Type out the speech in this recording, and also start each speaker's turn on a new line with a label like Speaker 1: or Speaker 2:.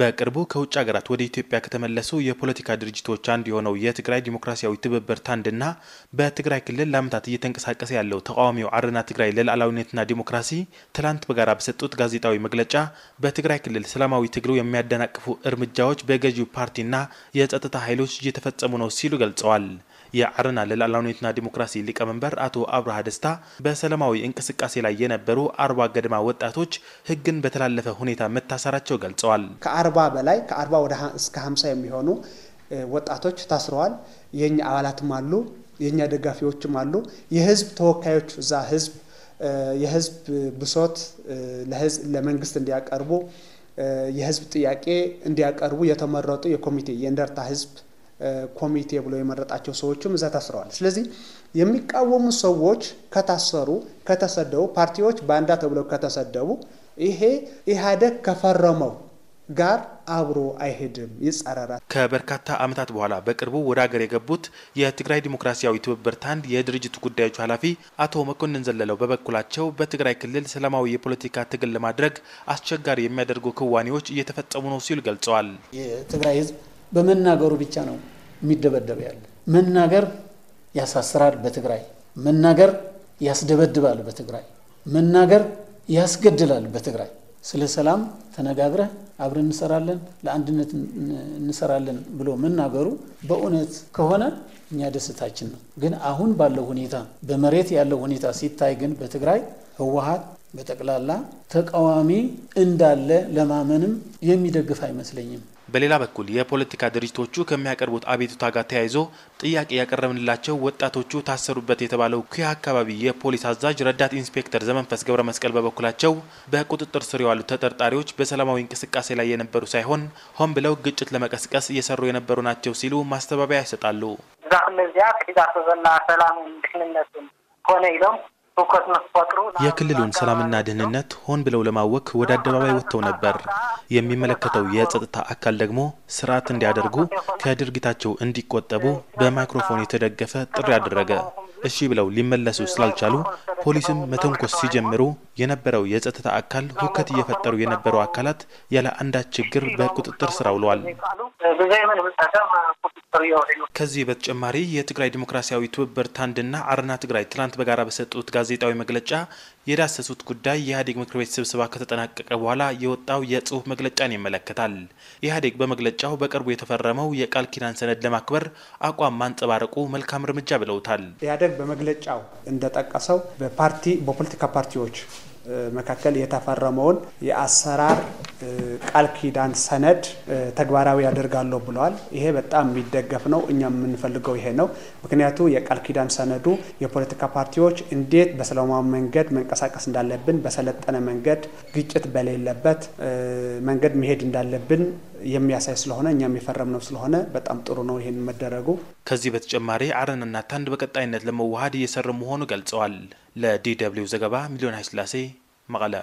Speaker 1: በቅርቡ ከውጭ ሀገራት ወደ ኢትዮጵያ ከተመለሱ የፖለቲካ ድርጅቶች አንዱ የሆነው የትግራይ ዲሞክራሲያዊ ትብብር ታንድና በትግራይ ክልል ለአመታት እየተንቀሳቀሰ ያለው ተቃዋሚው አረና ትግራይ ለሉዓላዊነትና ዲሞክራሲ ትላንት በጋራ በሰጡት ጋዜጣዊ መግለጫ በትግራይ ክልል ሰላማዊ ትግሉ የሚያደናቅፉ እርምጃዎች በገዢው ፓርቲና የጸጥታ ኃይሎች እየተፈጸሙ ነው ሲሉ ገልጸዋል። የአረና ለሉዓላዊነትና ዲሞክራሲ ሊቀመንበር አቶ አብርሃ ደስታ በሰላማዊ እንቅስቃሴ ላይ የነበሩ አርባ ገደማ ወጣቶች ህግን በተላለፈ ሁኔታ መታሰራቸው ገልጸዋል።
Speaker 2: ከአርባ በላይ ከአርባ ወደ እስከ ሀምሳ የሚሆኑ ወጣቶች ታስረዋል። የኛ አባላትም አሉ፣ የእኛ ደጋፊዎችም አሉ። የህዝብ ተወካዮች እዛ ህዝብ የህዝብ ብሶት ለመንግስት እንዲያቀርቡ የህዝብ ጥያቄ እንዲያቀርቡ የተመረጡ የኮሚቴ የእንደርታ ህዝብ ኮሚቴ ብሎ የመረጣቸው ሰዎችም እዛ ታስረዋል። ስለዚህ የሚቃወሙ ሰዎች ከታሰሩ፣ ከተሰደቡ፣ ፓርቲዎች ባንዳ ተብለው ከተሰደቡ ይሄ ኢህአዴግ ከፈረመው ጋር አብሮ አይሄድም፣ ይጸረራል።
Speaker 1: ከበርካታ ዓመታት በኋላ በቅርቡ ወደ ሀገር የገቡት የትግራይ ዲሞክራሲያዊ ትብብር ታንድ የድርጅቱ ጉዳዮች ኃላፊ አቶ መኮንን ዘለለው በበኩላቸው በትግራይ ክልል ሰላማዊ የፖለቲካ ትግል ለማድረግ አስቸጋሪ የሚያደርጉ ክዋኔዎች እየተፈጸሙ ነው ሲሉ ገልጸዋል።
Speaker 3: የትግራይ ህዝብ በመናገሩ ብቻ ነው የሚደበደበ ያለ። መናገር ያሳስራል በትግራይ መናገር ያስደበድባል በትግራይ መናገር ያስገድላል በትግራይ። ስለ ሰላም ተነጋግረህ አብረን እንሰራለን፣ ለአንድነት እንሰራለን ብሎ መናገሩ በእውነት ከሆነ እኛ ደስታችን ነው። ግን አሁን ባለው ሁኔታ በመሬት ያለው ሁኔታ ሲታይ ግን በትግራይ ህወሀት በጠቅላላ ተቃዋሚ እንዳለ ለማመንም የሚደግፍ አይመስለኝም።
Speaker 1: በሌላ በኩል የፖለቲካ ድርጅቶቹ ከሚያቀርቡት አቤቱታ ጋር ተያይዞ ጥያቄ ያቀረብንላቸው ወጣቶቹ ታሰሩበት የተባለው ኩያ አካባቢ የፖሊስ አዛዥ ረዳት ኢንስፔክተር ዘመንፈስ ገብረ መስቀል በበኩላቸው በቁጥጥር ስር የዋሉ ተጠርጣሪዎች በሰላማዊ እንቅስቃሴ ላይ የነበሩ ሳይሆን ሆን ብለው ግጭት ለመቀስቀስ እየሰሩ የነበሩ ናቸው ሲሉ ማስተባበያ ይሰጣሉ። እዛ
Speaker 3: እነዚያ ሰላም ሆነ
Speaker 1: የክልሉን ሰላምና ደህንነት ሆን ብለው ለማወክ ወደ አደባባይ ወጥተው ነበር። የሚመለከተው የጸጥታ አካል ደግሞ ስርዓት እንዲያደርጉ፣ ከድርጊታቸው እንዲቆጠቡ በማይክሮፎን የተደገፈ ጥሪ አደረገ። እሺ ብለው ሊመለሱ ስላልቻሉ ፖሊስም መተንኮስ ሲጀምሩ የነበረው የጸጥታ አካል ሁከት እየፈጠሩ የነበሩ አካላት ያለ አንዳች ችግር በቁጥጥር ስር ውለዋል። ከዚህ በተጨማሪ የትግራይ ዲሞክራሲያዊ ትብብር ታንድና አረና ትግራይ ትናንት በጋራ በሰጡት ጋዜጣዊ መግለጫ የዳሰሱት ጉዳይ የኢህአዴግ ምክር ቤት ስብሰባ ከተጠናቀቀ በኋላ የወጣው የጽሁፍ መግለጫን ይመለከታል። ኢህአዴግ በመግለጫው በቅርቡ የተፈረመው የቃል ኪዳን ሰነድ ለማክበር አቋም ማንጸባረቁ መልካም እርምጃ ብለውታል።
Speaker 2: ኢህአዴግ በመግለጫው እንደጠቀሰው ፓርቲ በፖለቲካ ፓርቲዎች መካከል የተፈረመውን የአሰራር ቃል ኪዳን ሰነድ ተግባራዊ ያደርጋለሁ ብለዋል። ይሄ በጣም የሚደገፍ ነው። እኛም የምንፈልገው ይሄ ነው። ምክንያቱ የቃል ኪዳን ሰነዱ የፖለቲካ ፓርቲዎች እንዴት በሰላማዊ መንገድ መንቀሳቀስ እንዳለብን፣ በሰለጠነ መንገድ ግጭት በሌለበት መንገድ መሄድ እንዳለብን የሚያሳይ ስለሆነ እኛም ነው ስለሆነ በጣም ጥሩ ነው ይሄን መደረጉ።
Speaker 1: ከዚህ በተጨማሪ አረንና ታንድ በቀጣይነት ለመዋሃድ እየሰሩ መሆኑ ገልጸዋል። ለዲ ደብልዩ ዘገባ ሚሊዮን ኃይለሥላሴ መቀለ